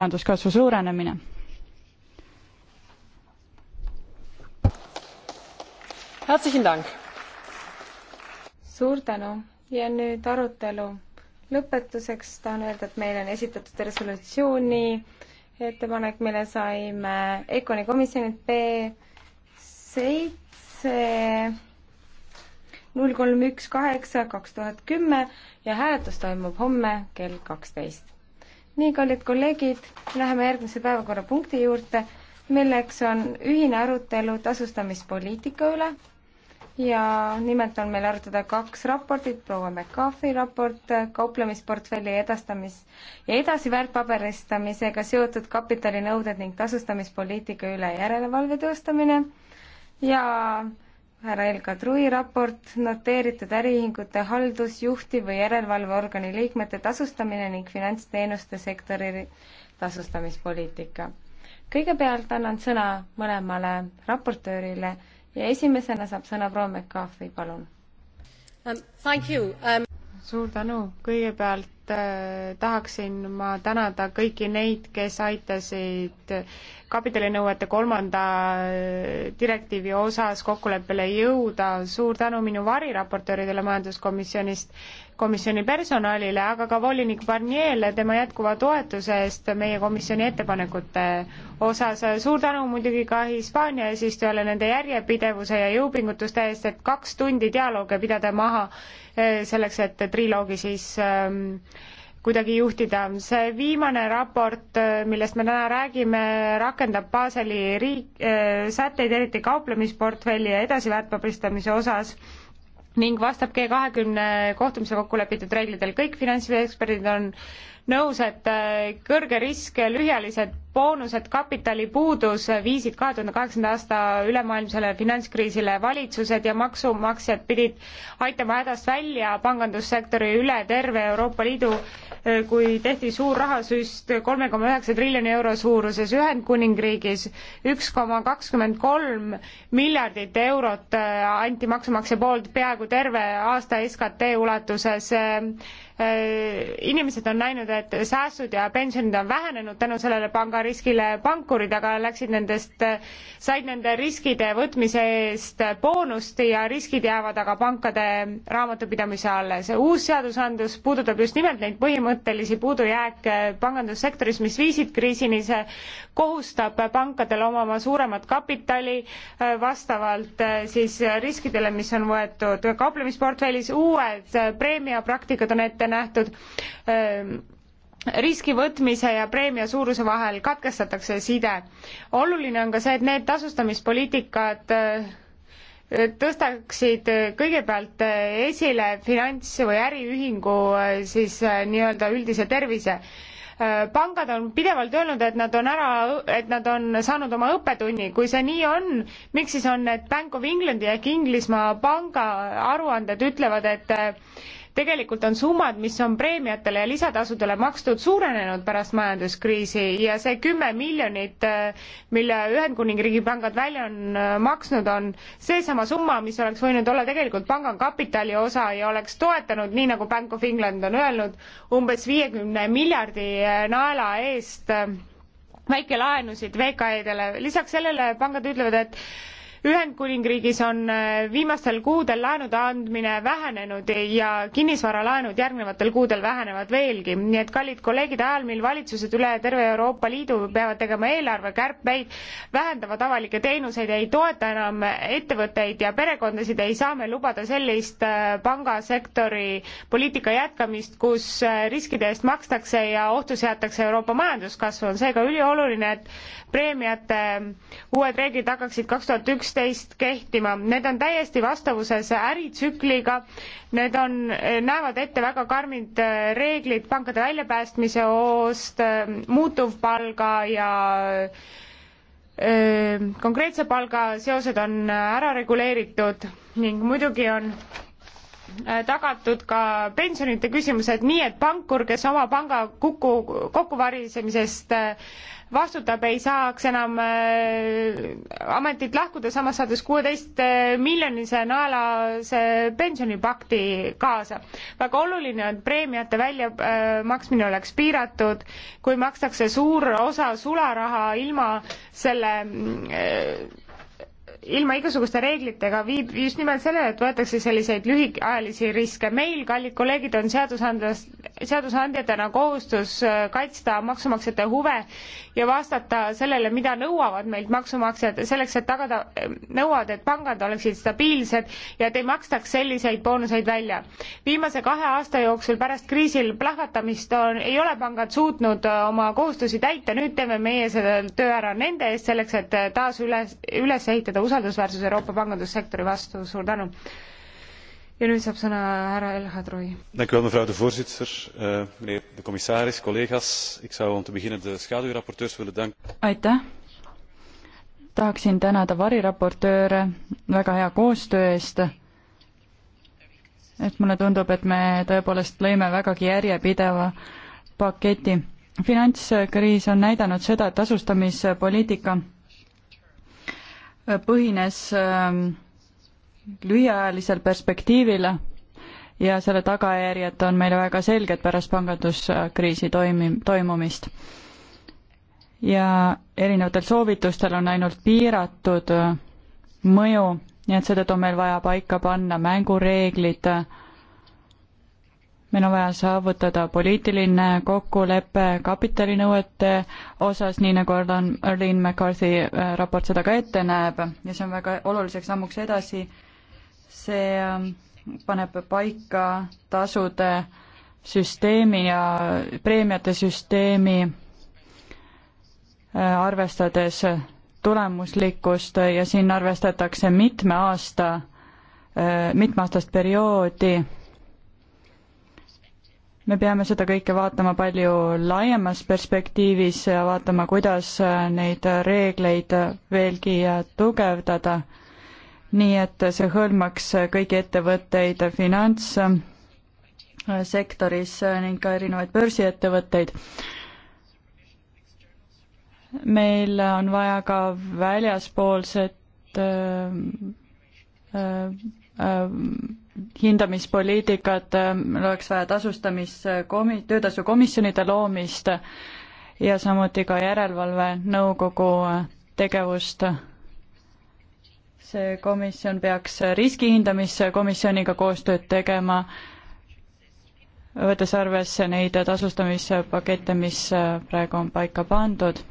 majanduskasvu suurenemine. suur tänu ja nüüd arutelu lõpetuseks tahan öelda, et meile on esitatud resolutsiooni ettepanek, mille saime EKONi komisjonilt B seitse null kolm üks kaheksa kaks tuhat kümme ja hääletus toimub homme kell kaksteist nii, kallid kolleegid, läheme järgmise päevakorrapunkti juurde, milleks on ühine arutelu tasustamispoliitika üle ja nimelt on meil arutada kaks raportit, proua McCarthy raport kauplemisportfelli edastamis- ja edasi väärtpaberistamisega seotud kapitalinõuded ning tasustamispoliitika üle järelevalve teostamine ja härra Elka Trui raport, noteeritud äriühingute haldus, juhtiv või järelevalveorgani liikmete tasustamine ning finantsteenuste sektori tasustamispoliitika. kõigepealt annan sõna mõlemale raportöörile ja esimesena saab sõna proua McCarthy, palun um,. Um suur tänu, kõigepealt äh, tahaksin ma tänada kõiki neid, kes aitasid kapitalinõuete kolmanda äh, direktiivi osas kokkuleppele jõuda, suur tänu minu variraportööridele majanduskomisjonist, komisjoni personalile, aga ka volinik Barnier'le tema jätkuva toetuse eest meie komisjoni ettepanekute osas. suur tänu muidugi ka Hispaania eesistujale nende järjepidevuse ja jõupingutuste eest, et kaks tundi dialoogi pidada maha eh, selleks, et triloogi siis ähm, kuidagi juhtida. see viimane raport, eh, millest me täna räägime, rakendab Baseli riik äh,, sätteid eriti kauplemisportfelli ja edasiväärtpaberistamise osas ning vastab G kahekümne kohtumisel kokku lepitud reeglidel. kõik finantseksperdid on nõus, et äh, kõrge risk, lühiajalised boonused, kapitalipuudus viisid kahe tuhande kaheksanda aasta ülemaailmsele finantskriisile. valitsused ja maksumaksjad pidid aitama hädast välja pangandussektori üle terve Euroopa Liidu Äh, kui tehti suur rahasüst kolme koma üheksa triljoni euro suuruses Ühendkuningriigis, üks koma kakskümmend kolm miljardit eurot äh, anti maksumaksja poolt peaaegu terve aasta SKT ulatuses äh, Äh, inimesed on näinud, et säästud ja pensionid on vähenenud tänu sellele pangariskile, pankurid aga läksid nendest, said nende riskide võtmise eest boonust ja riskid jäävad aga pankade raamatupidamise alla. see uus seadusandlus puudutab just nimelt neid põhimõttelisi puudujääke pangandussektoris, mis viisid kriisini, see kohustab pankadele omama suuremat kapitali äh, vastavalt äh, siis riskidele, mis on võetud kauplemisportfellis, uued preemiapraktikad on ette ette nähtud ehm, riski võtmise ja preemia suuruse vahel katkestatakse side. oluline on ka see, et need tasustamispoliitikad eh, tõstaksid kõigepealt eh, esile finants- või äriühingu eh, siis nii-öelda üldise tervise pangad on pidevalt öelnud, et nad on ära, et nad on saanud oma õppetunni, kui see nii on, miks siis on need Bank of Englandi ehk Inglismaa panga aruanded ütlevad, et tegelikult on summad, mis on preemiatele ja lisatasudele makstud, suurenenud pärast majanduskriisi ja see kümme miljonit, äh, mille Ühendkuningriigi pangad välja on äh, maksnud, on seesama summa, mis oleks võinud olla tegelikult panga kapitali osa ja oleks toetanud, nii nagu Bank of England on öelnud, umbes viiekümne miljardi äh, naela eest väikelaenusid VKE-dele, lisaks sellele pangad ütlevad, et Ühendkuningriigis on äh, viimastel kuudel laenude andmine vähenenud ja kinnisvaralaenud järgnevatel kuudel vähenevad veelgi, nii et kallid kolleegid, ajal, mil valitsused üle terve Euroopa Liidu peavad tegema eelarvekärpeid, vähendavad avalikke teenuseid, ei toeta enam ettevõtteid ja perekondasid, ei saa me lubada sellist äh, pangasektori poliitika jätkamist, kus äh, riskide eest makstakse ja ohtu seatakse Euroopa majanduskasvu, on seega ülioluline, et preemiate uued reeglid hakkaksid kaks tuhat üks üksteist kehtima. Need on täiesti vastavuses äritsükliga, need on, näevad ette väga karmid äh, reeglid pankade väljapäästmise oost, äh, muutuvpalga ja öö, äh, konkreetse palga seosed on ära reguleeritud ning muidugi on tagatud ka pensionite küsimused, nii et pankur, kes oma panga kuku, kokkuvarisemisest vastutab, ei saaks enam äh, ametit lahkuda, samas saades kuueteist äh, miljonise naelase pensionipakti kaasa. väga oluline on, et preemiate väljamaksmine oleks piiratud, kui makstakse suur osa sularaha ilma selle äh, ilma igasuguste reeglitega viib just nimelt sellele, et võetakse selliseid lühiajalisi riske. meil, kallid kolleegid, on seadusandlas, seadusandjatena kohustus äh, kaitsta maksumaksjate huve ja vastata sellele, mida nõuavad meilt maksumaksjad, selleks et tagada, äh, nõuavad, et pangad oleksid stabiilsed ja et ei makstaks selliseid boonuseid välja. viimase kahe aasta jooksul pärast kriisil plahvatamist on, ei ole pangad suutnud äh, oma kohustusi täita, nüüd teeme meie selle töö ära nende eest, selleks et taas üles, üles ehitada usaldust usaldusväärsus Euroopa pangandussektori vastu, suur tänu. ja nüüd saab sõna härra El Hadroi. Dank u wel mevrouw de voorzitter uh,, meneer de commissaris, collega's, ik zou om te beginnen de schaduwraporteurs willen danken. aitäh. tahaksin tänada variraportööre väga hea koostöö eest et mulle tundub, et me tõepoolest lõime vägagi järjepideva paketi. finantskriis on näidanud seda, et tasustamispoliitika põhines ähm, lühiajalisel perspektiivil ja selle tagajärjed on meile väga selged pärast panganduskriisi toimi-, toimumist. ja erinevatel soovitustel on ainult piiratud äh, mõju, nii et seetõttu on meil vaja paika panna mängureeglid äh, meil on vaja saavutada poliitiline kokkulepe kapitalinõuete osas, nii nagu Arlene McCarthy äh, raport seda ka ette näeb ja see on väga oluliseks sammuks edasi. see ähm, paneb paika tasude süsteemi ja preemiate süsteemi, äh, arvestades tulemuslikkust ja siin arvestatakse mitme aasta, äh, mitmeaastast perioodi me peame seda kõike vaatama palju laiemas perspektiivis ja vaatama, kuidas neid reegleid veelgi tugevdada. nii et see hõlmaks kõiki ettevõtteid finantssektoris ning ka erinevaid börsiettevõtteid. meil on vaja ka väljaspoolset äh, äh, Äh, hindamispoliitikat, meil äh, oleks vaja tasustamiskomi-, töötasukomisjonide loomist ja samuti ka Järelevalvenõukogu äh, tegevust. see komisjon peaks riskihindamiskomisjoniga koostööd tegema, võttes arvesse neid tasustamispakette, mis praegu on paika pandud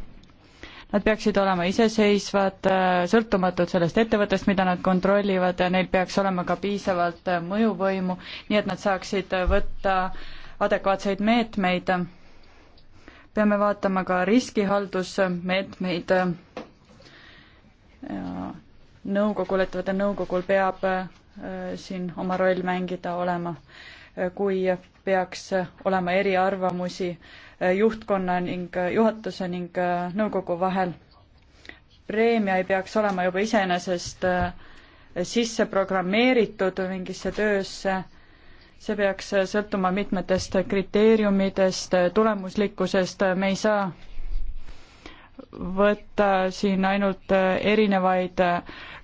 Nad peaksid olema iseseisvad, äh, sõltumatud sellest ettevõttest, mida nad kontrollivad, neil peaks olema ka piisavalt äh, mõjuvõimu, nii et nad saaksid äh, võtta adekvaatseid meetmeid. peame vaatama ka riskihaldusmeetmeid. nõukogul, ettevõtte nõukogul peab siin oma roll mängida olema, kui peaks olema eriarvamusi Äh, juhtkonna ning äh, juhatuse ning äh, nõukogu vahel. preemia ei peaks olema juba iseenesest sisse programmeeritud mingisse töösse, see peaks sõltuma mitmetest kriteeriumidest, tulemuslikkusest, me ei saa võtta siin ainult erinevaid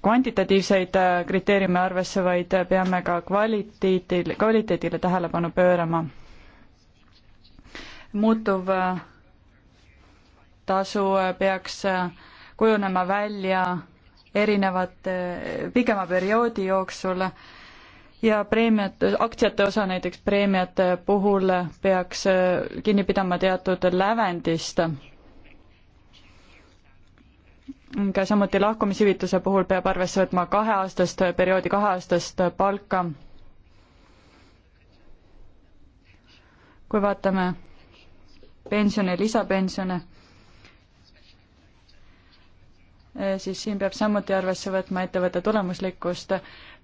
kvantitatiivseid kriteeriume arvesse, vaid peame ka kvaliteedil, kvaliteedile tähelepanu pöörama muutuv äh, tasu äh, peaks äh, kujunema välja erinevate pikema perioodi jooksul ja preemiate, aktsiate osa näiteks preemiate puhul peaks kinni pidama teatud lävendist. ka samuti lahkumishüvitise puhul peab arvesse võtma kaheaastast perioodi, kaheaastast palka. kui vaatame pensione, lisapensione, äh, siis siin peab samuti arvesse võtma ettevõtte tulemuslikkust.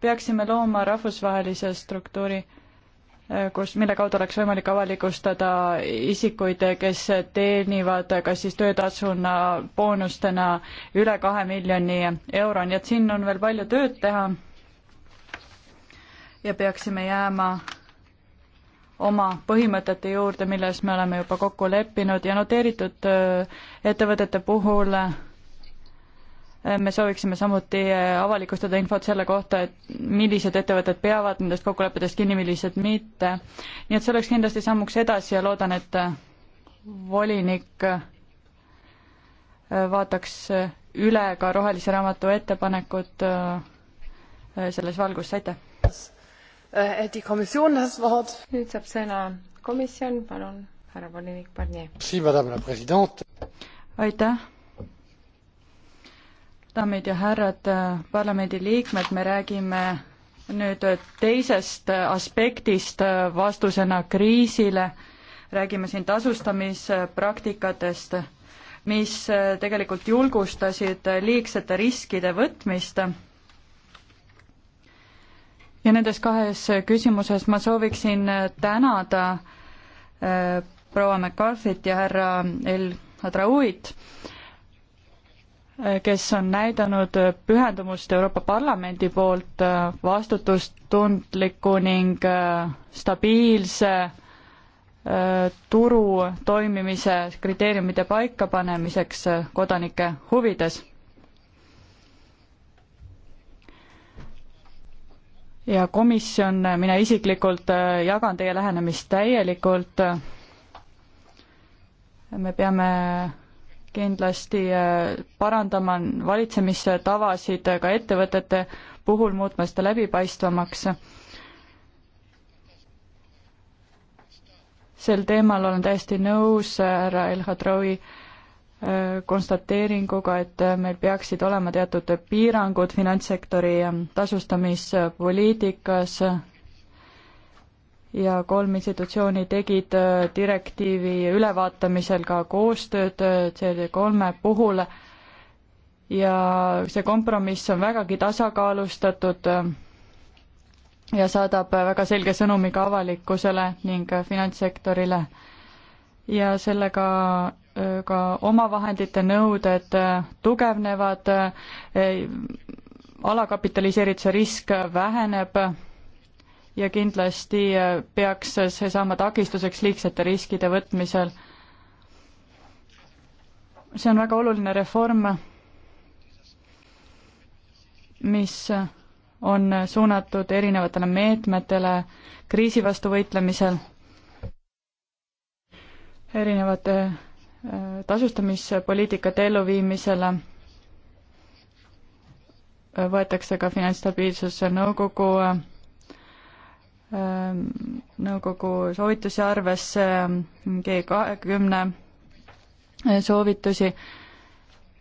peaksime looma rahvusvahelise struktuuri, äh, kus, mille kaudu oleks võimalik avalikustada isikuid, kes teenivad kas siis töötasuna, boonustena üle kahe miljoni euro, nii et siin on veel palju tööd teha ja peaksime jääma oma põhimõtete juurde, milles me oleme juba kokku leppinud ja noteeritud äh, ettevõtete puhul äh, me sooviksime samuti äh, avalikustada infot selle kohta, et millised ettevõtted peavad nendest kokkulepetest kinni, millised mitte. nii et see oleks kindlasti sammuks edasi ja loodan, et volinik vaataks üle ka rohelise raamatu ettepanekud selles valguses, aitäh! Äh, nüüd saab sõna komisjon, palun, härra volinik Barnier. aitäh daamid ja härrad, äh, parlamendiliikmed, me räägime nüüd äh, teisest aspektist vastusena kriisile, räägime siin tasustamispraktikatest, mis tegelikult julgustasid liigsete riskide võtmist ja nendes kahes küsimuses ma sooviksin tänada äh, proua McCarthy't ja härra El Hadraouit, äh, kes on näidanud pühendumust Euroopa Parlamendi poolt äh, vastutustundliku ning stabiilse turu toimimise kriteeriumide paikapanemiseks kodanike huvides ja komisjon, mina isiklikult äh, jagan teie lähenemist täielikult. me peame kindlasti äh, parandama valitsemistavasid ka ettevõtete puhul, muutma seda läbipaistvamaks. sel teemal olen täiesti nõus äh, härra El Hadroui äh, Äh, konstateeringuga, et äh, meil peaksid olema teatud piirangud finantssektori äh, tasustamispoliitikas ja kolm institutsiooni tegid direktiivi ülevaatamisel ka koostööd CD kolme puhul ja see kompromiss on vägagi tasakaalustatud ja saadab väga selge sõnumi ka avalikkusele ning finantssektorile. ja sellega ka omavahendite nõuded tugevnevad, alakapitaliseerituse risk väheneb ja kindlasti peaks see saama takistuseks liigsete riskide võtmisel. see on väga oluline reform, mis on suunatud erinevatele meetmetele kriisi vastu võitlemisel, erinevate tasustamispoliitikate elluviimisele võetakse ka Finantsstabiilsuse Nõukogu, ähm, nõukogu soovitusi arvesse, G kahekümne soovitusi,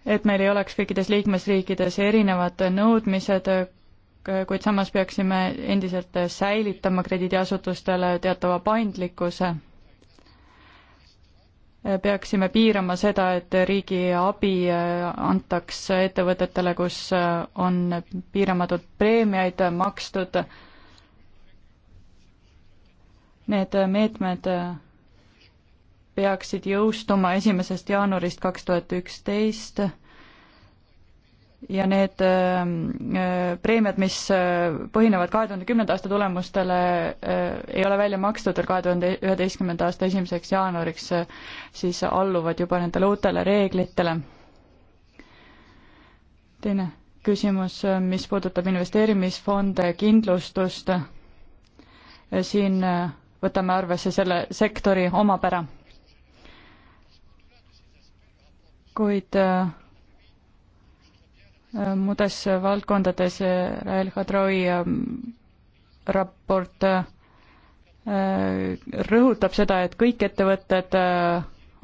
et meil ei oleks kõikides liikmesriikides erinevad nõudmised, kuid samas peaksime endiselt säilitama krediidiasutustele teatava paindlikkuse peaksime piirama seda, et riigi abi äh, antaks ettevõtetele, kus äh, on piiramatult preemiaid makstud. Need meetmed äh, peaksid jõustuma esimesest jaanuarist kaks tuhat üksteist ja need ähm, äh, preemiad, mis äh, põhinevad kahe tuhande kümnenda aasta tulemustele, äh, ei ole välja makstud veel kahe tuhande üheteistkümnenda aasta esimeseks jaanuariks, siis alluvad juba nendele uutele reeglitele. teine küsimus, mis puudutab investeerimisfonde, kindlustust, siin võtame arvesse selle sektori omapära. kuid äh, Äh, muudes valdkondades äh, Rael Hadroi äh, raport rõhutab seda, et kõik ettevõtted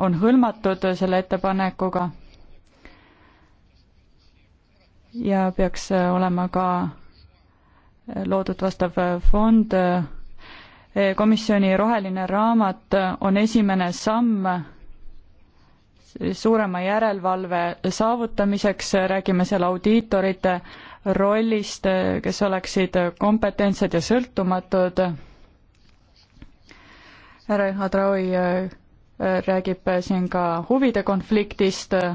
on hõlmatud selle ettepanekuga ja peaks olema ka loodud vastav fond. komisjoni roheline raamat on esimene samm suurema järelevalve saavutamiseks, räägime seal audiitorite rollist, kes oleksid kompetentsed ja sõltumatud. härra Hadraui äh, räägib siin ka huvide konfliktist, äh,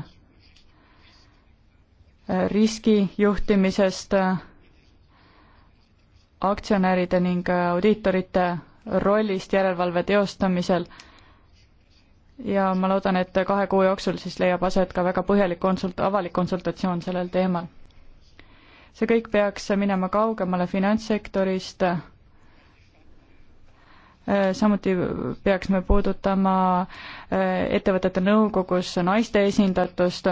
riskijuhtimisest, aktsionäride ning audiitorite rollist järelevalve teostamisel ja ma loodan, et kahe kuu jooksul siis leiab aset ka väga põhjalik konsult-, avalik konsultatsioon sellel teemal. see kõik peaks minema kaugemale finantssektorist, samuti peaks me puudutama äh, ettevõtete nõukogus naiste esindatust.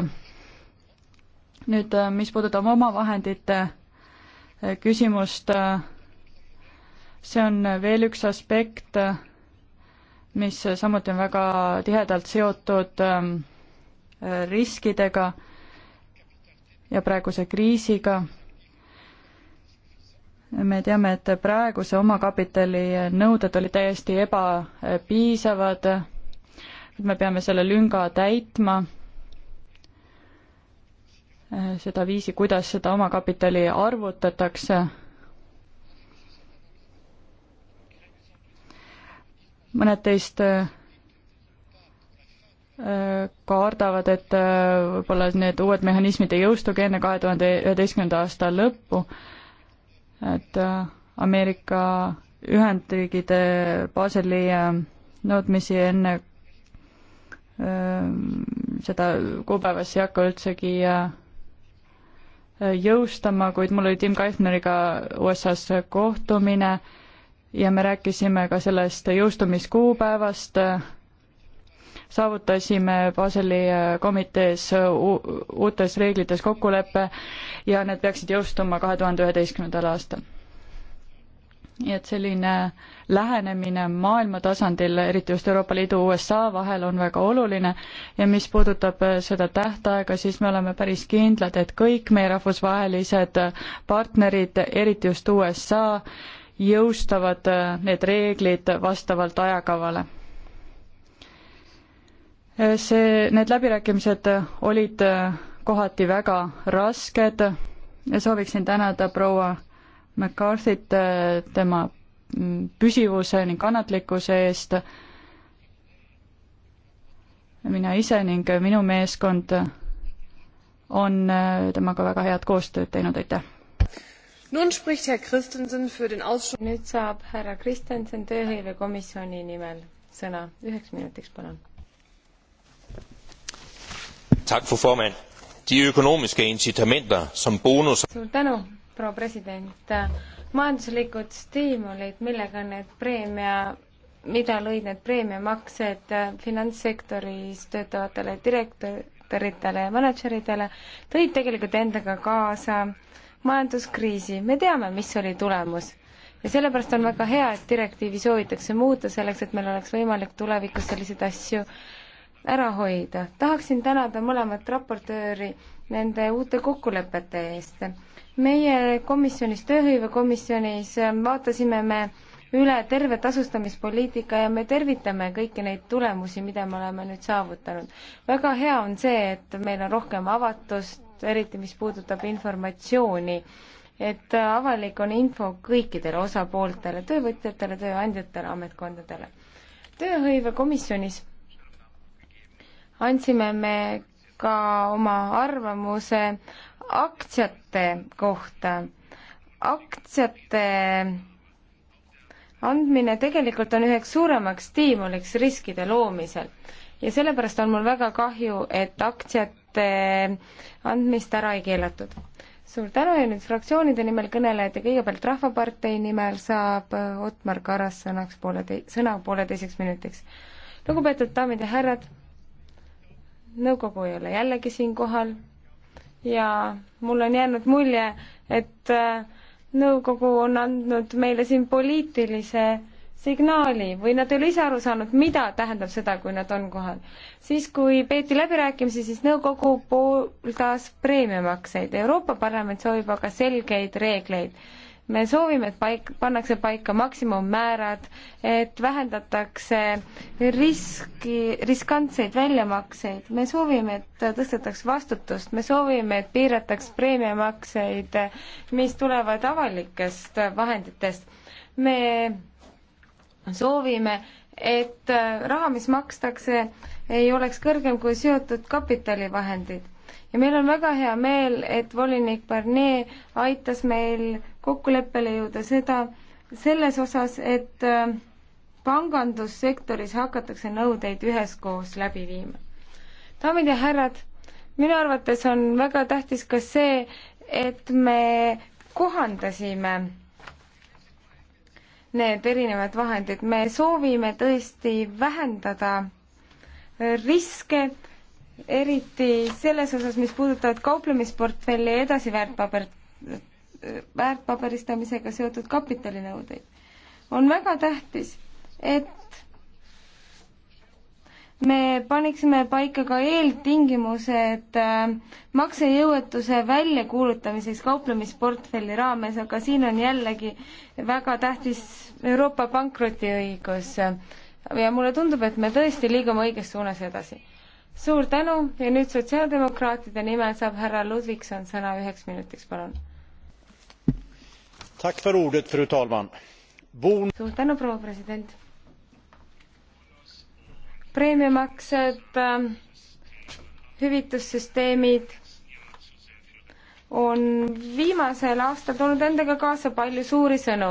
nüüd, äh, mis puudutab omavahendite äh, küsimust, see on veel üks aspekt, mis samuti on väga tihedalt seotud ähm, äh, riskidega ja praeguse kriisiga. me teame, et praeguse omakapitali nõuded olid täiesti ebapiisavad, et me peame selle lünga täitma, äh, seda viisi, kuidas seda omakapitali arvutatakse mõned teist äh, äh, kardavad, et äh, võib-olla need uued mehhanismid ei jõustugi enne kahe tuhande üheteistkümnenda aasta lõppu, et Ameerika Ühendriigide Baseli nõudmisi enne seda kuupäevast ei hakka üldsegi jõustama, kuid mul oli Tim Kaifneriga USA-s kohtumine äh, ja me rääkisime ka sellest jõustumiskuupäevast, saavutasime Baseli äh, komitees uutes reeglites kokkuleppe ja need peaksid jõustuma kahe tuhande üheteistkümnendal aastal. nii et selline lähenemine maailma tasandil, eriti just Euroopa Liidu, USA vahel on väga oluline ja mis puudutab äh, seda tähtaega, siis me oleme päris kindlad, et kõik meie rahvusvahelised partnerid, eriti just USA, jõustavad äh, need reeglid vastavalt ajakavale. Äh, see, need läbirääkimised äh, olid kohati väga rasked ja sooviksin tänada proua McCarthy't tema mm, püsivuse ning kannatlikkuse eest. mina ise ning minu meeskond on temaga väga head koostööd teinud, aitäh! nüüd saab härra Kristjanson tööhõivekomisjoni nimel sõna. üheks minutiks, palun. suur tänu, proua president. majanduslikud stiimulid, millega need preemia mida lõid need preemiamaksed finantssektoris töötavatele direktoritele ja mänedžeridele, tõid tegelikult endaga kaasa äh, majanduskriisi, me teame, mis oli tulemus. ja sellepärast on väga hea, et direktiivi soovitakse muuta selleks, et meil oleks võimalik tulevikus selliseid asju ära hoida. tahaksin tänada mõlemat raportööri nende uute kokkulepete eest. meie komisjonis, tööhõivekomisjonis vaatasime me üle terve tasustamispoliitika ja me tervitame kõiki neid tulemusi, mida me oleme nüüd saavutanud. väga hea on see, et meil on rohkem avatust, eriti mis puudutab informatsiooni, et avalik on info kõikidele osapooltele, töövõtjatele, tööandjatele, ametkondadele. tööhõivekomisjonis andsime me ka oma arvamuse aktsiate kohta. aktsiate andmine tegelikult on üheks suuremaks stiimuliks riskide loomisel ja sellepärast on mul väga kahju, et aktsiat andmete andmist ära ei keelatud. suur tänu ja nüüd fraktsioonide nimel kõnelejad ja kõigepealt Rahvapartei nimel saab äh, Otmar Karas sõnaks poolete-, sõna pooleteiseks minutiks. lugupeetud daamid ja härrad, nõukogu ei ole jällegi siin kohal ja mul on jäänud mulje, et äh, nõukogu on andnud meile siin poliitilise äh, signaali või nad ei ole ise aru saanud, mida tähendab seda, kui nad on kohal. siis, kui peeti läbirääkimisi, siis nõukogu pooldas preemiamakseid. Euroopa Parlament soovib aga selgeid reegleid. me soovime, et paik, pannakse paika maksimummäärad, et vähendatakse riski, riskantseid väljamakseid. me soovime, et tõstetaks vastutust, me soovime, et piirataks preemiamakseid, mis tulevad avalikest vahenditest. me soovime, et äh, raha, mis makstakse, ei oleks kõrgem kui seotud kapitalivahendid. ja meil on väga hea meel, et volinik Barnier aitas meil kokkuleppele jõuda seda, selles osas, et äh, pangandussektoris hakatakse nõudeid üheskoos läbi viima. daamid ja härrad, minu arvates on väga tähtis ka see, et me kohandasime need erinevad vahendid. me soovime tõesti vähendada riske, eriti selles osas, mis puudutavad kauplemisportfelli ja edasi väärtpaber, väärtpaberistamisega seotud kapitalinõudeid. on väga tähtis, et me paniksime paika ka eeltingimused äh, maksejõuetuse väljakuulutamiseks kauplemisportfelli raames, aga siin on jällegi väga tähtis Euroopa pankrotiõigus. ja mulle tundub, et me tõesti liigume õiges suunas edasi. suur tänu ja nüüd sotsiaaldemokraatide nimel saab härra Ludvikson sõna üheks minutiks, palun. suur tänu, proua president preemiamaksed, ähm, hüvitussüsteemid on viimasel aastal toonud endaga kaasa palju suuri sõnu.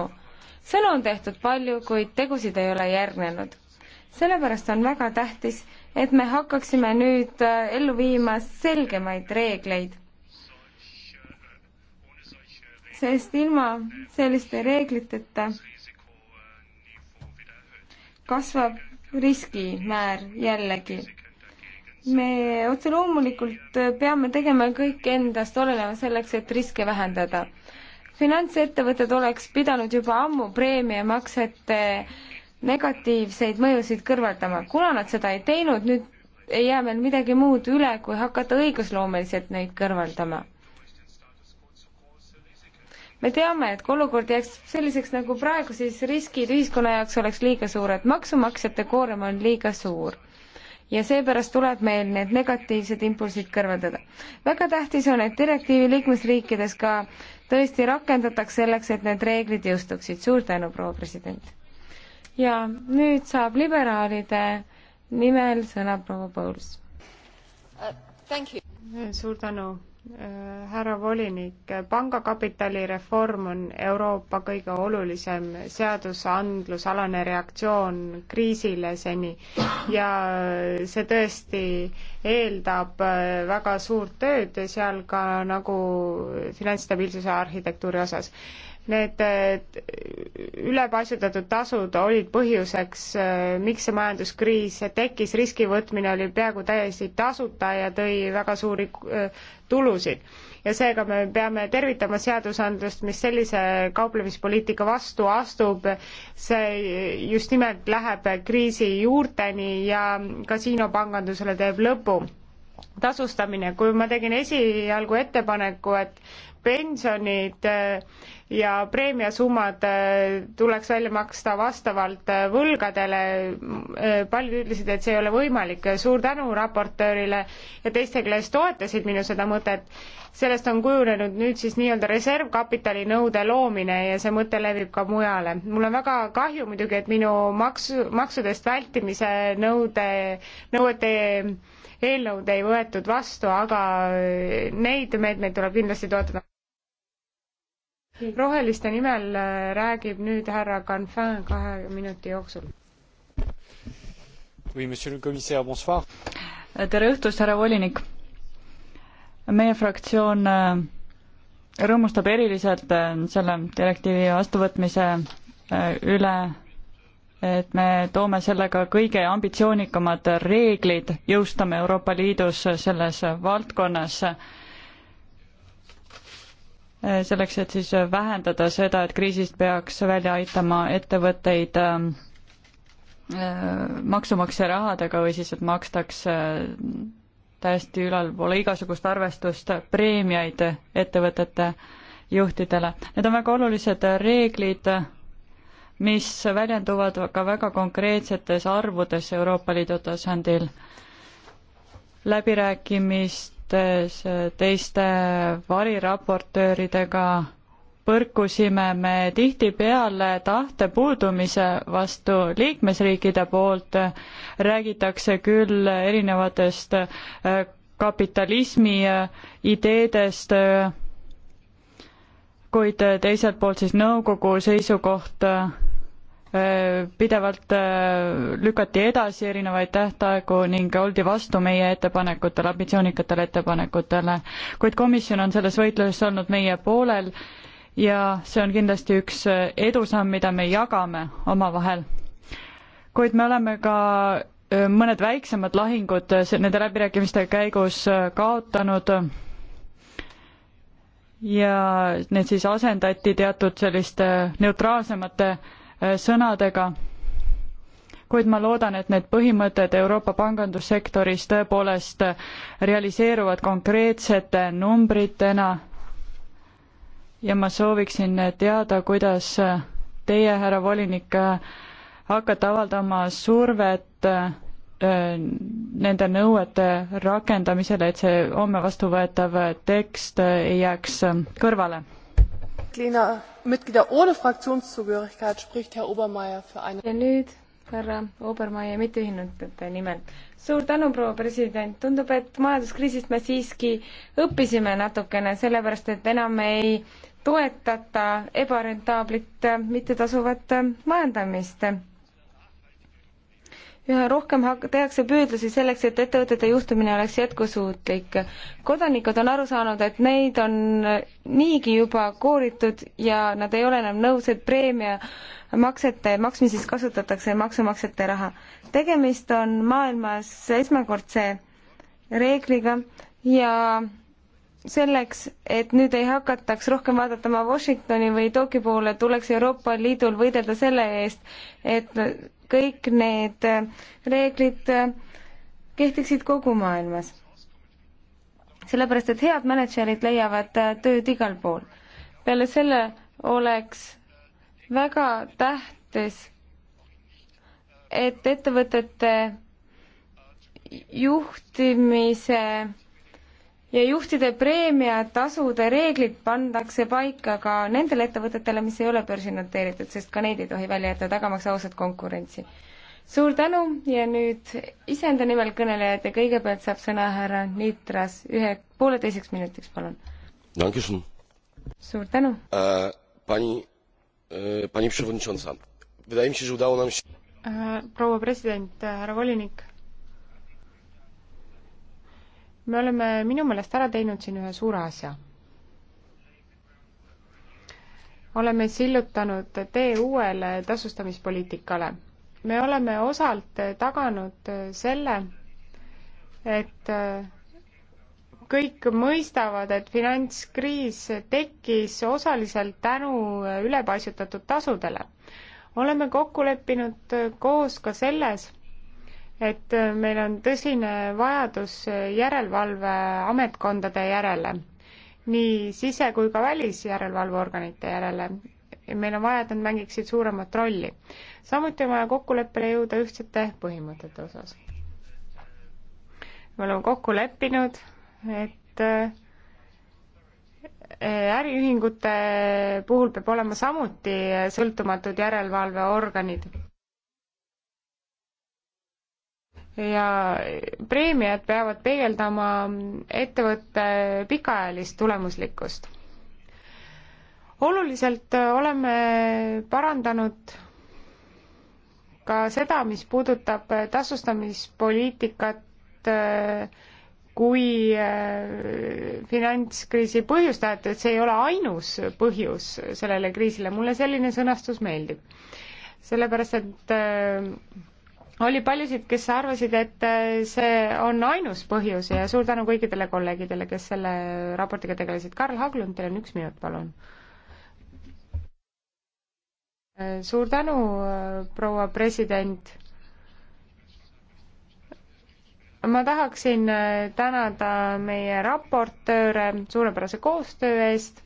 sõnu on tehtud palju, kuid tegusid ei ole järgnenud. sellepärast on väga tähtis, et me hakkaksime nüüd äh, ellu viima selgemaid reegleid. sest ilma selliste reegliteta kasvab riskimäär jällegi. me otse loomulikult peame tegema kõik endast oleneva selleks, et riske vähendada. finantsettevõtted oleks pidanud juba ammu preemiamaksete negatiivseid mõjusid kõrvaldama. kuna nad seda ei teinud, nüüd ei jää meil midagi muud üle, kui hakata õigusloomeliselt neid kõrvaldama me teame, et kui olukord jääks selliseks nagu praegu, siis riskid ühiskonna jaoks oleks liiga suured, maksumaksjate koorem on liiga suur ja seepärast tuleb meil need negatiivsed impulsid kõrvaldada. väga tähtis on, et direktiivi liikmesriikides ka tõesti rakendataks selleks, et need reeglid jõustuksid. suur tänu, proua president! ja nüüd saab liberaalide nimel sõna proua Pauls uh,. suur tänu! Äh, härra volinik, pangakapitalireform on Euroopa kõige olulisem seadusandlusalane reaktsioon kriisile seni ja see tõesti eeldab äh, väga suurt tööd seal ka nagu finantsstabiilsuse arhitektuuri osas Need äh, ülepaisutatud tasud olid põhjuseks, äh, miks see majanduskriis tekkis, riski võtmine oli peaaegu täiesti tasuta ja tõi väga suuri äh, tulusid. ja seega me peame tervitama seadusandlust, mis sellise kauplemispoliitika vastu astub, see just nimelt läheb kriisi juurteni ja kasiinopangandusele teeb lõpu tasustamine, kui ma tegin esialgu ettepaneku, et pensionid äh, ja preemiasummad äh, tuleks välja maksta vastavalt äh, võlgadele. paljud ütlesid, et see ei ole võimalik. suur tänu raportöörile ja teistele, kes toetasid minu seda mõtet. sellest on kujunenud nüüd siis nii-öelda reservkapitali nõude loomine ja see mõte levib ka mujale. mul on väga kahju muidugi, et minu maksu, maksudest vältimise nõude, nõuete eelnõud ei võetud vastu, aga äh, neid meetmeid tuleb kindlasti toetada. roheliste nimel äh, räägib nüüd härra Canfin kahe minuti jooksul. tere õhtust, härra volinik! meie fraktsioon äh, rõõmustab eriliselt selle direktiivi vastuvõtmise üle et me toome sellega kõige ambitsioonikamad reeglid, jõustame Euroopa Liidus selles valdkonnas, selleks, et siis vähendada seda, et kriisist peaks välja aitama ettevõtteid ähm, äh, maksumaksja rahadega või siis, et makstakse äh, täiesti ülalpoole igasugust arvestust preemiaid ettevõtete juhtidele. Need on väga olulised reeglid mis väljenduvad ka väga konkreetsetes arvudes Euroopa Liidu tasandil. läbirääkimistes teiste variraportööridega põrkusime me tihtipeale tahte puudumise vastu liikmesriikide poolt, räägitakse küll erinevatest kapitalismi ideedest, kuid äh, teiselt poolt siis nõukogu seisukoht äh, äh, pidevalt lükati edasi erinevaid tähtaegu ning oldi vastu meie ettepanekutele, ambitsioonikatele ettepanekutele. kuid komisjon on selles võitluses olnud meie poolel ja see on kindlasti üks edusamm, mida me jagame omavahel. kuid me oleme ka mõned väiksemad lahingud nende läbirääkimiste käigus kaotanud ja need siis asendati teatud selliste neutraalsemate äh, sõnadega. kuid ma loodan, et need põhimõtted Euroopa pangandussektoris tõepoolest realiseeruvad konkreetsete numbritena. ja ma sooviksin teada, kuidas teie, härra volinik, hakkate avaldama survet äh, nende nõuete rakendamisele, et see homme vastuvõetav tekst äh, ei jääks äh, kõrvale. ja nüüd härra Obermaier mitteühinenute nimel. suur tänu, proua president, tundub, et majanduskriisist me siiski õppisime natukene, sellepärast et enam ei toetata ebarentaablit äh, mittetasuvat majandamist üha rohkem tehakse püüdlusi selleks, et ettevõtete juhtimine oleks jätkusuutlik. kodanikud on aru saanud, et neid on niigi juba kooritud ja nad ei ole enam nõus, et preemiamaksete maksmises kasutatakse maksumaksjate raha. tegemist on maailmas esmakordse reegliga ja selleks, et nüüd ei hakataks rohkem vaadatama Washingtoni või Tokyo poole, tuleks Euroopa Liidul võidelda selle eest, et kõik need reeglid kehtiksid kogu maailmas. sellepärast, et head mänedžerid leiavad tööd igal pool. peale selle oleks väga tähtis, et ettevõtete juhtimise ja juhtide preemiatasude reeglid pandakse paika ka nendele ettevõtetele, mis ei ole börsil noteeritud, sest ka neid ei tohi välja jätta, tagamaks ausat konkurentsi. suur tänu ja nüüd iseenda nimel kõnelejad ja kõigepealt saab sõna härra Nitras ühe pooleteiseks minutiks, palun. suur tänu äh,. Pani äh,, pani Przewodnicząca, wydaje mi się, że udało nam się äh, proua president, äh, härra volinik me oleme minu meelest ära teinud siin ühe suure asja. oleme sillutanud tee uuele tasustamispoliitikale. me oleme osalt taganud selle, et kõik mõistavad, et finantskriis tekkis osaliselt tänu ülepaisutatud tasudele. oleme kokku leppinud koos ka selles, et äh, meil on tõsine vajadus äh, järelevalve ametkondade järele, nii sise- kui ka välisjärelevalveorganite järele. meil on vaja, et nad mängiksid suuremat rolli. samuti on vaja kokkuleppele jõuda ühtsete põhimõtete osas. me oleme kokku leppinud, et äh, äriühingute puhul peab olema samuti sõltumatud järelevalveorganid ja preemiad peavad peegeldama ettevõtte pikaajalist tulemuslikkust. oluliselt oleme parandanud ka seda, mis puudutab tasustamispoliitikat kui äh, finantskriisi põhjustajat, et see ei ole ainus põhjus sellele kriisile, mulle selline sõnastus meeldib. sellepärast, et äh, oli paljusid, kes arvasid, et äh, see on ainus põhjus ja suur tänu kõikidele kolleegidele, kes selle raportiga tegelesid. Karl Haglund, teil on üks minut, palun. Äh, suur tänu, äh, proua president. ma tahaksin tänada meie raportööre suurepärase koostöö eest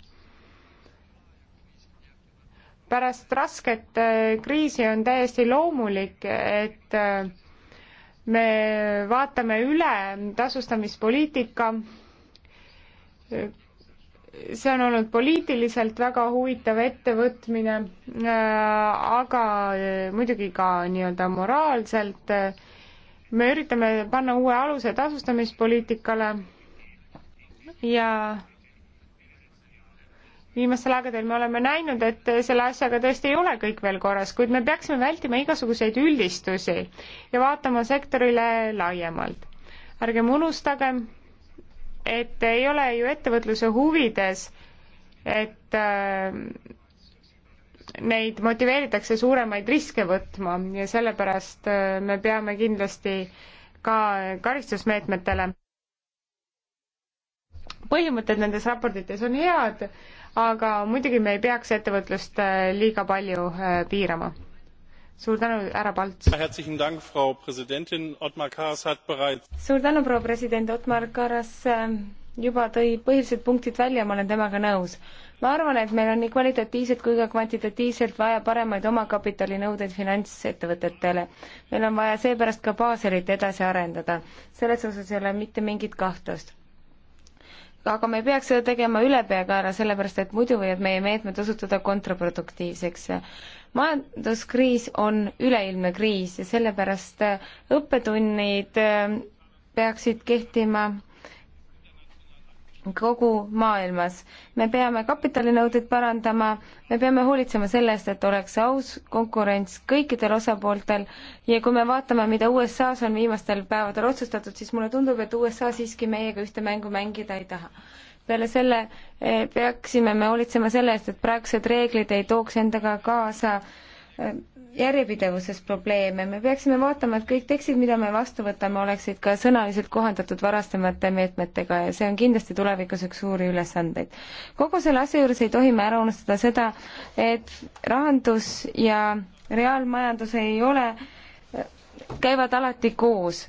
pärast rasket äh, kriisi on täiesti loomulik, et äh, me vaatame üle tasustamispoliitika. see on olnud poliitiliselt väga huvitav ettevõtmine, äh, aga muidugi ka nii-öelda moraalselt. me üritame panna uue aluse tasustamispoliitikale ja viimastel aegadel me oleme näinud, et selle asjaga tõesti ei ole kõik veel korras, kuid me peaksime vältima igasuguseid üldistusi ja vaatama sektorile laiemalt. ärgem unustagem, et ei ole ju ettevõtluse huvides, et äh, neid motiveeritakse suuremaid riske võtma ja sellepärast äh, me peame kindlasti ka karistusmeetmetele põhimõtted nendes raportites on head, aga muidugi me ei peaks ettevõtlust äh, liiga palju äh, piirama. suur tänu, härra Palts! suur tänu, proua president Otmar Karas ähm, juba tõi põhilised punktid välja, ma olen temaga nõus. ma arvan, et meil on nii kvalitatiivselt kui ka kvantitatiivselt vaja paremaid omakapitalinõudeid finantsettevõtetele. meil on vaja seepärast ka baaselit edasi arendada, selles osas ei ole mitte mingit kahtlust aga me ei peaks seda tegema ülepeakaela, sellepärast et muidu võivad meie meetmed osutuda kontraproduktiivseks. majanduskriis on üleilmne kriis ja sellepärast õppetunnid äh, peaksid kehtima kogu maailmas. me peame kapitalinõudeid parandama, me peame hoolitsema selle eest, et oleks aus konkurents kõikidel osapooltel ja kui me vaatame, mida USA-s on viimastel päevadel otsustatud, siis mulle tundub, et USA siiski meiega ühte mängu mängida ei taha. peale selle eh, peaksime me hoolitsema selle eest, et praegused reeglid ei tooks endaga kaasa eh, järjepidevuses probleeme, me peaksime vaatama, et kõik tekstid, mida me vastu võtame, oleksid ka sõnaliselt kohandatud varasemate meetmetega ja see on kindlasti tulevikus üks suuri ülesandeid. kogu selle asja juures ei tohi me ära unustada seda, et rahandus ja reaalmajandus ei ole, käivad alati koos.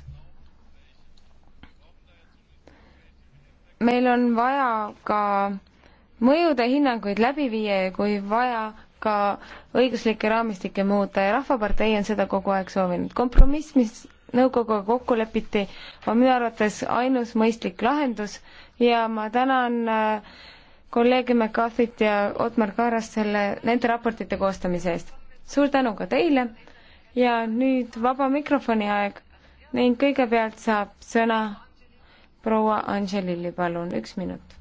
meil on vaja ka mõjude hinnanguid läbi viia ja kui vaja, ka õiguslikke raamistikke muuta ja Rahvapartei on seda kogu aeg soovinud. kompromiss, mis nõukoguga kokku lepiti, on minu arvates ainus mõistlik lahendus ja ma tänan äh, kolleege McCarthy't ja Otmar Kaarast selle, nende raportite koostamise eest. suur tänu ka teile ja nüüd vaba mikrofoni aeg ning kõigepealt saab sõna proua Anželilli, palun, üks minut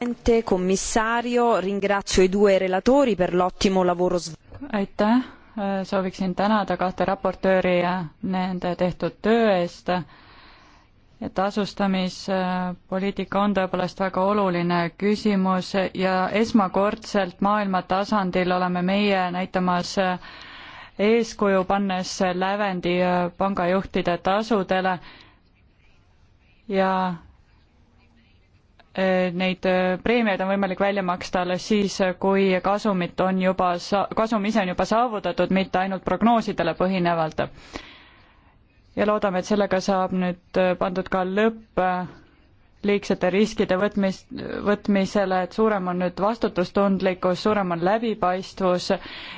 Presidente, commissario, ringrazio i due relatori per l'ottimo lavoro svolto. aitäh, sooviksin tänada kahte raportööri ja nende tehtud töö eest et asustamispoliitika on tõepoolest väga oluline küsimus ja esmakordselt maailma tasandil oleme meie näitamas eeskuju, pannes lävendi pangajuhtide tasudele ja Äh, neid äh, preemiaid on võimalik välja maksta alles siis, kui kasumit on juba sa-, kasum ise on juba saavutatud, mitte ainult prognoosidele põhinevalt. ja loodame, et sellega saab nüüd äh, pandud ka lõpp liigsete riskide võtmis, võtmisele, et suurem on nüüd vastutustundlikkus, suurem on läbipaistvus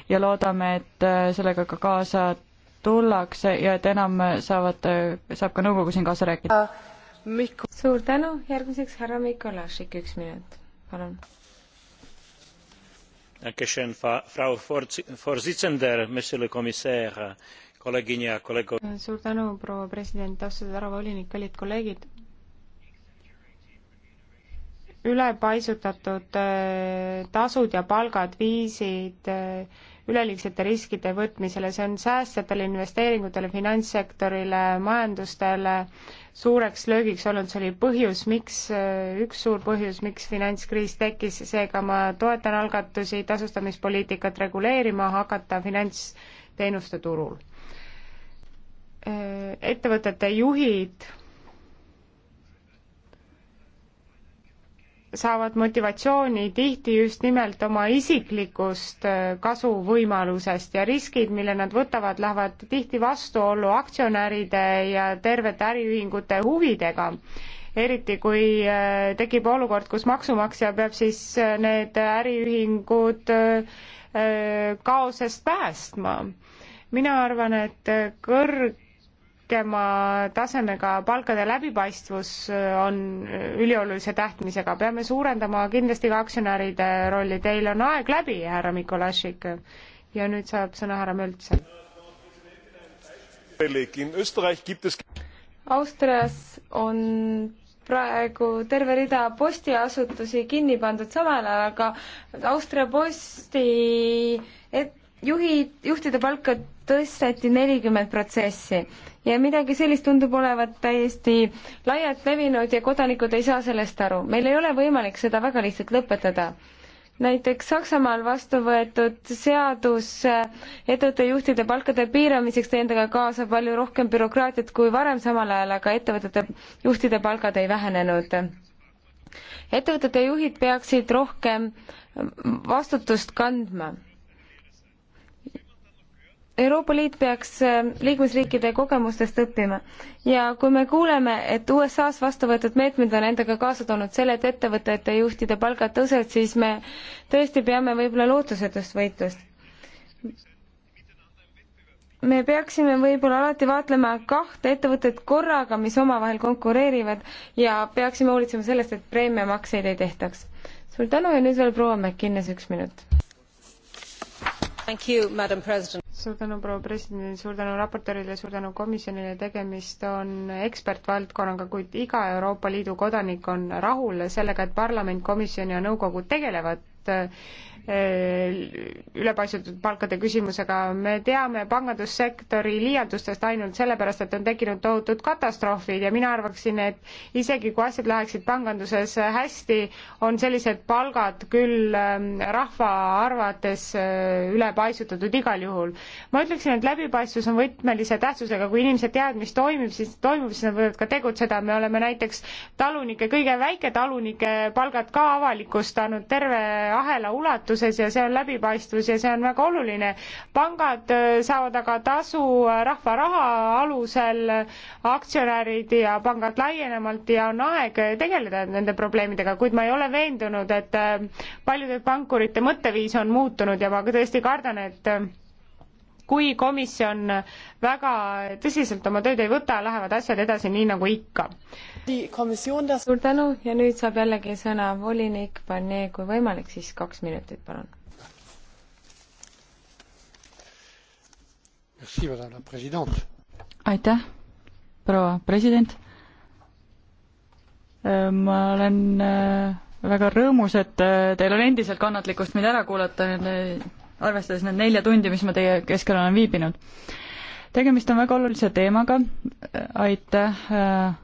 ja loodame, et sellega ka kaasa tullakse ja et enam saavad, saab ka nõukogu siin kaasa rääkida uh Mikko. suur tänu, järgmiseks härra Mikolašik, üks minut, palun. suur tänu, proua president, austatud härra volinik, kallid kolleegid. ülepaisutatud äh, tasud ja palgad viisid äh, üleliigsete riskide võtmisele, see on säästjatele, investeeringutele, finantssektorile, majandustele suureks löögiks olnud, see oli põhjus, miks, üks suur põhjus, miks finantskriis tekkis, seega ma toetan algatusi tasustamispoliitikat reguleerima hakata finantsteenuste turul. ettevõtete juhid saavad motivatsiooni tihti just nimelt oma isiklikust äh, kasuvõimalusest ja riskid, mille nad võtavad, lähevad tihti vastuollu aktsionäride ja tervete äriühingute huvidega. eriti, kui äh, tekib olukord, kus maksumaksja peab siis äh, need äriühingud kaosest päästma. mina arvan, et kõrg kõrgema tasemega palkade läbipaistvus äh, on äh, üliolulise tähtmisega, peame suurendama kindlasti ka aktsionäride rolli, teil on aeg läbi, härra Mikolašik. ja nüüd saab sõna härra Möltsel. Austrias on praegu terve rida postiasutusi kinni pandud samal ajal, aga Austria posti et juhid, juhtide palka tõsteti nelikümmend protsessi ja midagi sellist tundub olevat täiesti laialt levinud ja kodanikud ei saa sellest aru. meil ei ole võimalik seda väga lihtsalt lõpetada näiteks Saksamaal vastu võetud seadus eh, ettevõtte juhtide palkade piiramiseks tõi endaga kaasa palju rohkem bürokraatiat kui varem, samal ajal aga ettevõtete juhtide palgad ei vähenenud. ettevõtete juhid peaksid rohkem vastutust kandma Euroopa Liit peaks äh, liikmesriikide kogemustest õppima ja kui me kuuleme, et USA-s vastu võetud meetmed on endaga kaasa toonud selle, et ettevõtete juhtide palgad tõusevad, siis me tõesti peame võib-olla lootusetust võitlust. me peaksime võib-olla alati vaatlema kahte ettevõtet korraga, mis omavahel konkureerivad ja peaksime hoolitsema sellest, et preemiamakseid ei tehtaks. suur tänu ja nüüd veel proua McInnes, üks minut. Thank you, Madam President suur tänu, proua president, suur tänu raportöörile, suur tänu komisjonile, tegemist on ekspertvaldkonnaga, kuid iga Euroopa Liidu kodanik on rahul sellega, et parlament, komisjon ja nõukogu tegelevad seotud äh, ülepaisutatud palkade küsimusega. me teame pangandussektori liialdustest ainult sellepärast, et on tekkinud tohutud katastroofid ja mina arvaksin, et isegi kui asjad läheksid panganduses hästi, on sellised palgad küll ähm, rahva arvates äh, ülepaisutatud igal juhul. ma ütleksin, et läbipaistvus on võtmelise tähtsusega, kui inimesed teavad, mis toimib, siis toimub, siis nad võivad ka tegutseda, me oleme näiteks talunike, kõige väiketalunike palgad ka avalikustanud, terve ahela ulatuses ja see on läbipaistvus ja see on väga oluline. pangad äh, saavad aga tasu äh, rahva raha alusel, aktsionärid ja pangad laienemalt ja on aeg äh, tegeleda nende probleemidega, kuid ma ei ole veendunud, et paljude pankurite mõtteviis on muutunud ja ma tõesti kardan, et kui komisjon väga tõsiselt oma tööd ei võta, lähevad asjad edasi nii nagu ikka. suur tänu ja nüüd saab jällegi sõna volinik Panee, kui võimalik, siis kaks minutit, palun. aitäh, proua president. Äh, ma olen äh, väga rõõmus, et äh, teil on endiselt kannatlikkust mind ära kuulata nende arvestades need nelja tundi, mis ma teie keskel olen viibinud. tegemist on väga olulise teemaga, aitäh äh,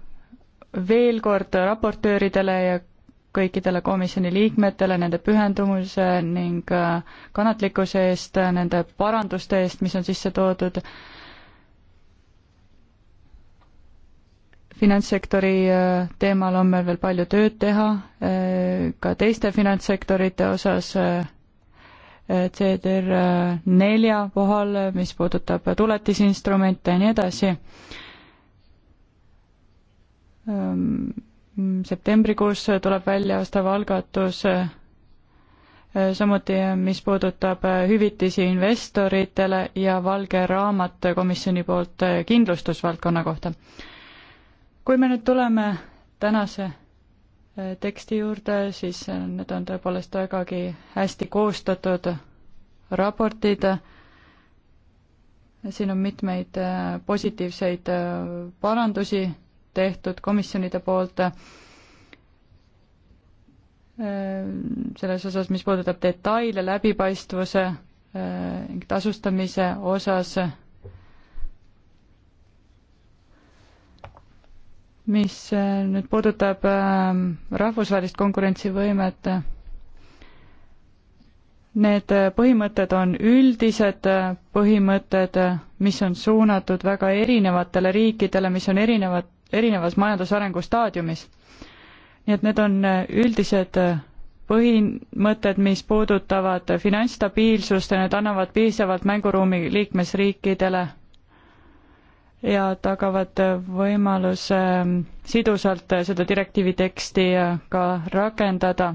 veel kord raportööridele ja kõikidele komisjoni liikmetele nende pühendumuse ning äh, kannatlikkuse eest, nende paranduste eest, mis on sisse toodud. finantssektori äh, teemal on meil veel palju tööd teha, ka teiste finantssektorite osas CDR nelja kohal, mis puudutab tuletisinstrumente ja nii edasi. Ehm, septembrikuus tuleb välja vastav algatus, eh, samuti eh, mis puudutab eh, hüvitisi investoritele ja valge raamat komisjoni poolt kindlustusvaldkonna kohta. kui me nüüd tuleme tänase teksti juurde, siis need on tõepoolest vägagi hästi koostatud raportid. siin on mitmeid äh, positiivseid äh, parandusi tehtud komisjonide poolt äh, selles osas, mis puudutab detaile, läbipaistvuse, tasustamise osas mis äh, nüüd puudutab ähm, rahvusvahelist konkurentsivõimet, need äh, põhimõtted on üldised äh, põhimõtted, mis on suunatud väga erinevatele riikidele, mis on erinevad, erinevas majandusarengu staadiumis. nii et need on üldised põhimõtted, mis puudutavad finantsstabiilsust ja need annavad piisavalt mänguruumi liikmesriikidele ja tagavad võimaluse ähm, sidusalt äh, seda direktiivi teksti äh, ka rakendada.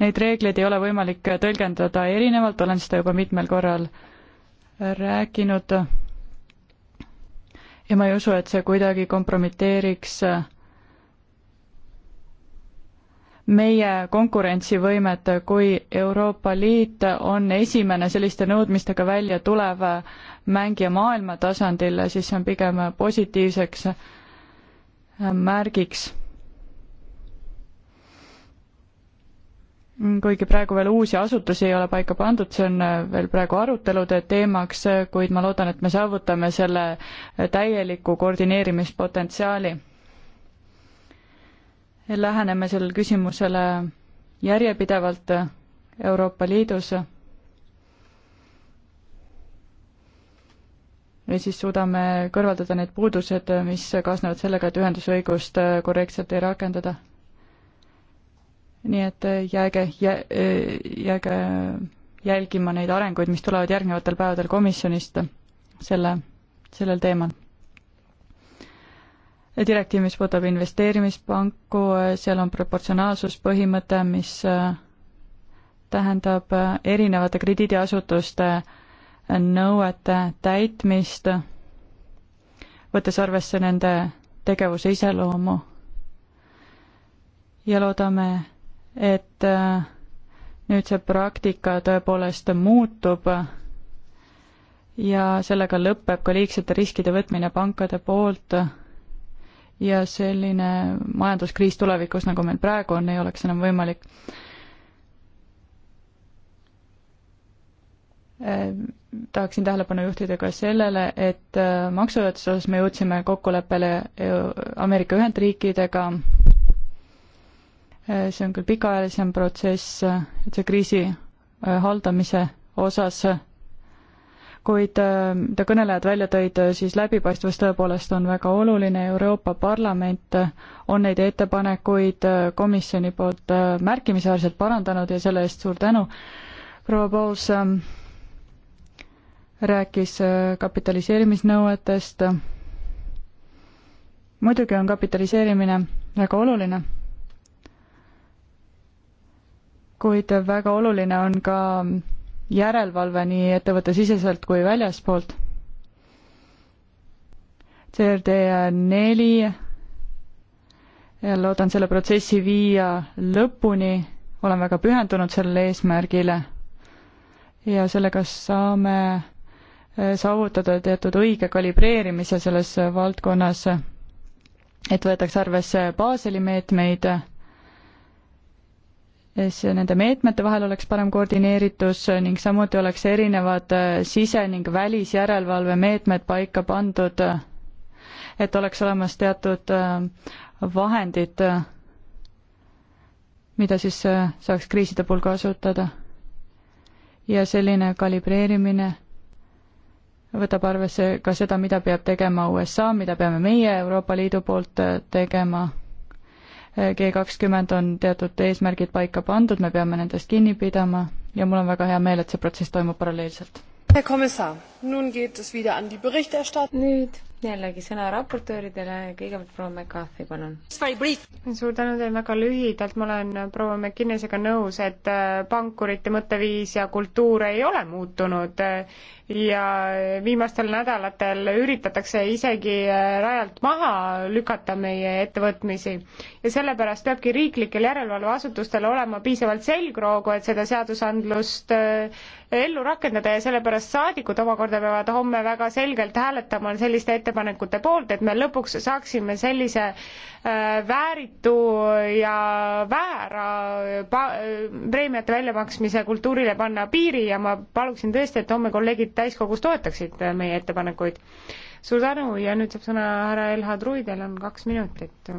Neid reegleid ei ole võimalik äh, tõlgendada erinevalt, olen seda juba mitmel korral rääkinud. ja ma ei usu, et see kuidagi kompromiteeriks meie konkurentsivõimet, kui Euroopa Liit on esimene selliste nõudmistega välja tulev mängija maailma tasandil, siis see on pigem positiivseks märgiks. kuigi praegu veel uusi asutusi ei ole paika pandud, see on veel praegu arutelude teemaks, kuid ma loodan, et me saavutame selle täieliku koordineerimispotentsiaali. läheneme sellele küsimusele järjepidevalt Euroopa Liidus ja siis suudame kõrvaldada need puudused, mis kaasnevad sellega, et ühendusõigust äh, korrektselt ei rakendada. nii et äh, jääge, äh, jääge jälgima neid arenguid, mis tulevad järgnevatel päevadel komisjonist selle, sellel teemal. direktiiv, mis puudutab investeerimispanku, seal on proportsionaalsuspõhimõte, mis tähendab erinevate krediidiasutuste äh, nõuete täitmist, võttes arvesse nende tegevuse iseloomu. ja loodame, et äh, nüüd see praktika tõepoolest muutub ja sellega lõpeb ka liigsete riskide võtmine pankade poolt ja selline majanduskriis tulevikus, nagu meil praegu on, ei oleks enam võimalik. tahaksin tähelepanu juhtida ka sellele, et äh, maksujuhatuse osas me jõudsime kokkuleppele äh, Ameerika Ühendriikidega, äh, see on küll pikaajalisem protsess, et see kriisi haldamise osas, kuid mida kõnelejad välja tõid, siis läbipaistvus tõepoolest on väga oluline, Euroopa Parlament on neid ettepanekuid komisjoni poolt märkimisväärselt parandanud ja selle eest suur tänu, proua Pauls, ähm, rääkis äh, kapitaliseerimisnõuetest. muidugi on kapitaliseerimine väga oluline, kuid väga oluline on ka järelevalve nii ettevõtte siseselt kui väljaspoolt. CRD neli ja loodan selle protsessi viia lõpuni, olen väga pühendunud sellele eesmärgile ja sellega saame Äh, saavutada teatud õige kalibreerimise selles valdkonnas, et võetakse arvesse Baseli meetmeid, siis nende meetmete vahel oleks parem koordineeritus ning samuti oleks erinevad äh, sise- ning välisjärelevalvemeetmed paika pandud, et oleks olemas teatud äh, vahendid, mida siis saaks kriiside puhul kasutada. ja selline kalibreerimine võtab arvesse ka seda, mida peab tegema USA, mida peame meie Euroopa Liidu poolt äh, tegema. Äh, G kakskümmend on teatud eesmärgid paika pandud, me peame nendest kinni pidama ja mul on väga hea meel, et see protsess toimub paralleelselt. nüüd jällegi sõna raportööridele, kõigepealt proua McCarthy, palun. suur tänu teile väga lühidalt, ma olen proua McKinnisega nõus, et äh, pankurite mõtteviis ja kultuur ei ole muutunud ja viimastel nädalatel üritatakse isegi äh, rajalt maha lükata meie ettevõtmisi. ja sellepärast peabki riiklikel järelevalveasutustel olema piisavalt selgroogu, et seda seadusandlust äh, ellu rakendada ja sellepärast saadikud omakorda peavad homme väga selgelt hääletama selliste ette ettepanekute poolt, et me lõpuks saaksime sellise äh, vääritu ja väära preemiate väljamaksmise kultuurile panna piiri ja ma paluksin tõesti, et homme kolleegid täiskogus toetaksid meie ettepanekuid. suur tänu ja nüüd saab sõna härra Elhad Ruidel, on kaks minutit.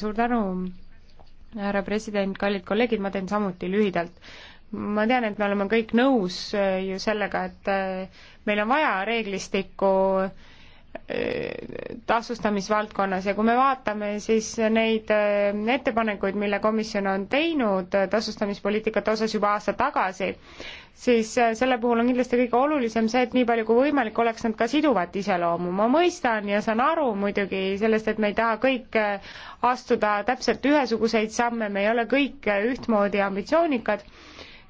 suur tänu, härra president, kallid kolleegid, ma teen samuti lühidalt ma tean, et me oleme kõik nõus ju sellega, et äh, meil on vaja reeglistikku äh, Eh, tasustamisvaldkonnas ja kui me vaatame siis neid eh, ettepanekuid, mille komisjon on teinud tasustamispoliitikate osas juba aasta tagasi, siis eh, selle puhul on kindlasti kõige olulisem see, et nii palju kui võimalik, oleks nad ka siduvat iseloomu. ma mõistan ja saan aru muidugi sellest, et me ei taha kõik astuda täpselt ühesuguseid samme, me ei ole kõik ühtmoodi ambitsioonikad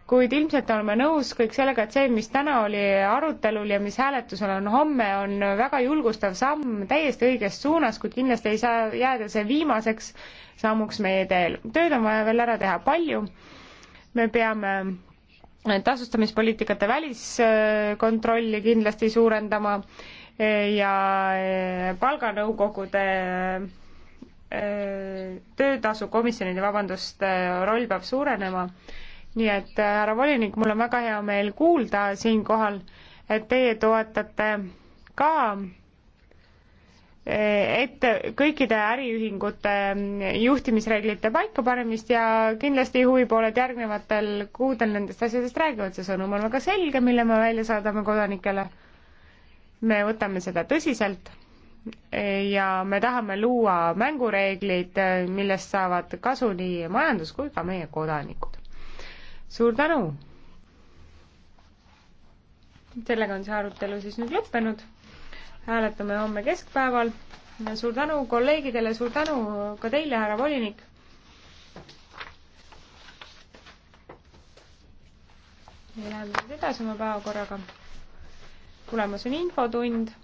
kuid ilmselt oleme nõus kõik sellega, et see, mis täna oli arutelul ja mis hääletusel on homme, on väga julgustav samm täiesti õiges suunas, kuid kindlasti ei saa jääda see viimaseks sammuks meie teel. tööd on vaja veel ära teha palju, me peame tasustamispoliitikate väliskontrolli kindlasti suurendama ja palganõukogude töötasu komisjonide, vabandust, roll peab suurenema nii et äh, härra volinik, mul on väga hea meel kuulda siinkohal, et teie toetate ka äh, ette kõikide äriühingute mm, juhtimisreeglite paikapanemist ja kindlasti huvipooled järgnevatel kuudel nendest asjadest räägivad, see sõnum on väga selge, mille me välja saadame kodanikele. me võtame seda tõsiselt ja me tahame luua mängureeglid, äh, millest saavad kasu nii majandus kui ka meie kodanikud suur tänu! sellega on see arutelu siis nüüd lõppenud. hääletame homme keskpäeval. suur tänu kolleegidele, suur tänu ka teile, härra volinik. ja läheme nüüd edasi oma päevakorraga. tulemas on infotund